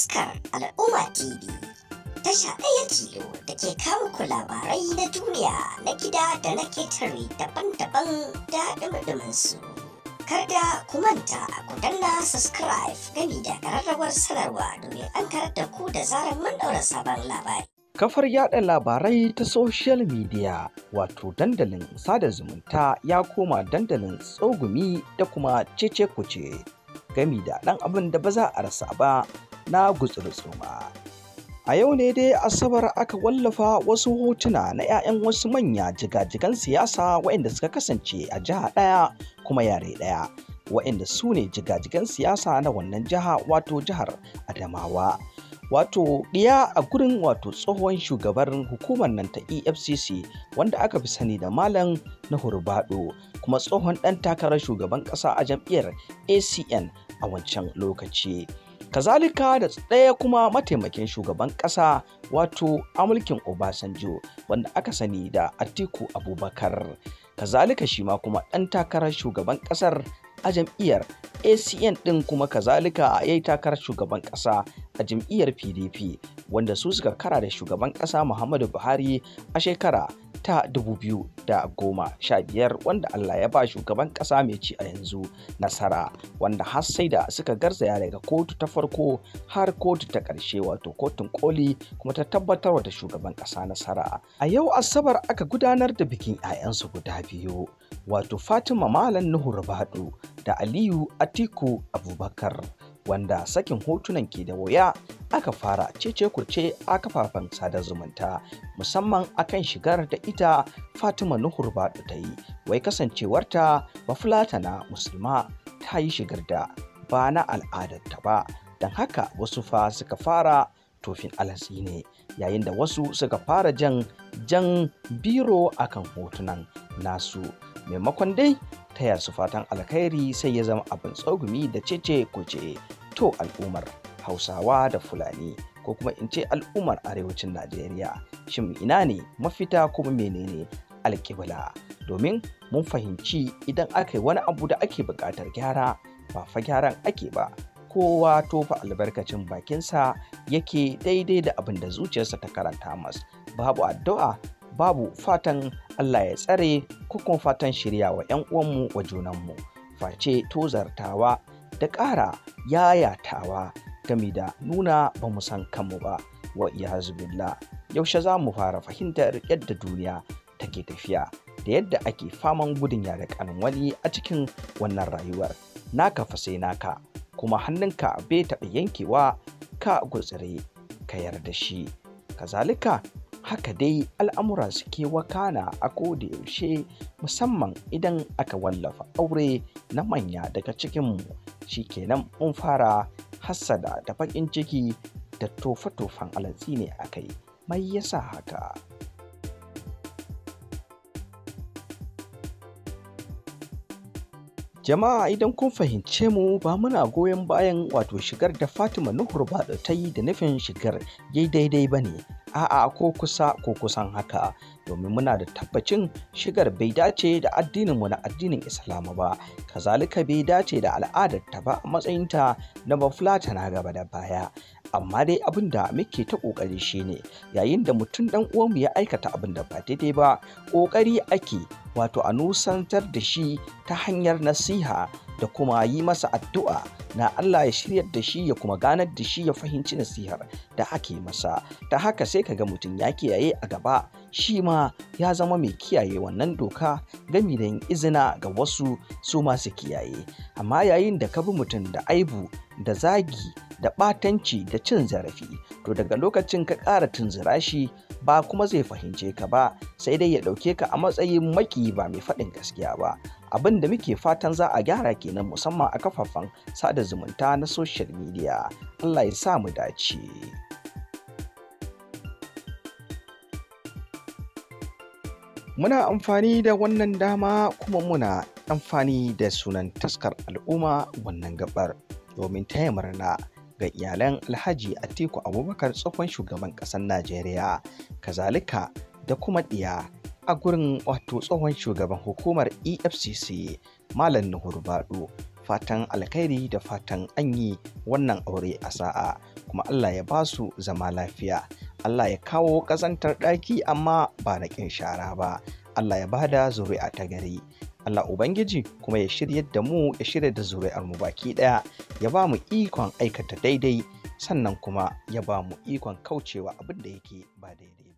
taskar al'umma tv tasha ɗaya tilo da ke kawo ku labarai na duniya na gida da na ketare daban-daban da ɗumɗumin su kada ku manta ku danna subscribe gami da ƙararrawar sanarwa domin an karar da ku da zarar mun ɗaura sabon labari kafar yaɗa labarai ta social media wato dandalin sada zumunta ya koma dandalin tsogumi da kuma cece kuce gami da ɗan abin da ba za a rasa ba na gutsurtsuma. A yau ne dai Asabar aka wallafa wasu hotuna na 'ya'yan wasu manya jigajigan siyasa waɗanda suka kasance a jiha ɗaya kuma yare ɗaya, waɗanda su ne jigajigan siyasa na wannan jiha wato jihar Adamawa. Wato ɗiya a gurin wato tsohon shugaban hukumar nan ta EFCC wanda aka fi sani da Malam na hurbaɗo kuma tsohon ɗan takarar shugaban ƙasa a jam'iyyar ACN a wancan lokaci. kazalika da ɗaya kuma mataimakin shugaban ƙasa wato a mulkin obasanjo wanda aka sani da atiku abubakar kazalika shi ma kuma ɗan takarar shugaban ƙasar a jam'iyyar acn ɗin kuma kazalika a yayi takarar shugaban ƙasa a jam'iyyar pdp wanda su suka kara da shugaban ƙasa muhammadu buhari a shekara ta 2015 wanda Allah ya ba shugaban ƙasa mai ci a yanzu nasara wanda har sai da suka garzaya daga kotu ta farko har kotu ta ƙarshe wato kotun koli kuma ta tabbatar da shugaban ƙasa nasara. A yau Asabar aka gudanar da bikin 'ya'yansu guda biyu wato Fatima Malam Nuhu Rubadu da Aliyu Atiku Abubakar. wanda sakin hotunan ke da wuya aka fara cece kurce a kafafen sada zumunta musamman akan shigar da ita fatima nuhur baɗu ta yi wai kasancewarta na musulma ta yi shigar da ba na al'adarta ba don haka wasu fa suka fara tofin alasi ne yayin da wasu suka fara jan jan biro akan hotunan nasu maimakon dai taya su fatan alkhairi sai ya zama abin tsogumi da cece kuce to al'ummar hausawa da fulani ko kuma in ce al'ummar arewacin najeriya shin ina ne mafita kuma menene alkibla domin mun fahimci idan aka yi wani abu da ake buƙatar gyara ba fa gyaran ake ba kowa tofa albarkacin bakinsa yake daidai da abin da zuciyarsa ta karanta mas babu addu'a babu fatan Allah ya tsare ko kuma fatan shirya wa 'yan uwanmu wa junanmu face tozartawa da ƙara yayatawa gami da nuna ba mu san kanmu ba wa iyazubillah yaushe za mu fara fahimtar yadda duniya take tafiya da yadda ake faman gudun yare kanin wani a cikin wannan rayuwar naka fa sai naka kuma hannunka bai taɓa yankewa ka gutsire ka yarda shi kazalika haka dai al'amura suke wakana a koda yaushe musamman idan aka wallafa aure na manya daga cikinmu kenan mun fara hassada da baƙin ciki da tofa-tofan alatsi ne a kai mai yasa haka jama'a idan kun fahimce mu ba muna goyon bayan wato shigar da fatima nuhur ba ta yi da nufin shigar yai daidai ba ne a'a ko kusa ko kusan haka domin muna da tabbacin shigar bai dace da addininmu na addinin islamu ba kazalika bai dace da al'adar ta ba a matsayinta na bafulata na gaba da baya amma dai abin da muke ta kokari shine yayin da mutum dan uwanmu ya aikata abin da ba daidai ba kokari ake wato a nusantar da shi ta hanyar nasiha da kuma yi masa addu'a na Allah ya shirya da shi ya kuma ganar da shi ya fahimci nasihar da ake masa ta haka sai ka ga mutum ya kiyaye a gaba shi ma ya zama mai kiyaye wannan doka gami da izina ga wasu su masu kiyaye amma yayin da ka bi mutum da aibu da zagi da ɓatanci da cin zarafi to daga lokacin ka ƙara tunzura shi ba kuma zai fahimce ka ba sai dai ya ɗauke ka a matsayin maki ba mai faɗin gaskiya ba abin da muke fatan za a gyara kenan musamman a kafafen sada zumunta na social media allah ya sa mu dace muna amfani da wannan dama kuma muna amfani da sunan taskar al'umma wannan gabar domin taya murna ga iyalan alhaji a teku abubakar tsohon shugaban ƙasar najeriya kazalika da kuma ɗiya a gurin wato tsohon shugaban hukumar efcc malam nuhur bado fatan alkhairi da fatan an yi wannan aure a sa'a kuma allah ya basu zama lafiya allah ya kawo ƙazantar ɗaki amma ba na ƙin shara ba allah ya bada zuri'a ta gari Allah Ubangiji kuma ya shirya da mu ya shirya da zuri'ar mu baki ɗaya ya ba mu ikon aikata daidai sannan kuma ya ba mu ikon kaucewa abin da yake ba daidai.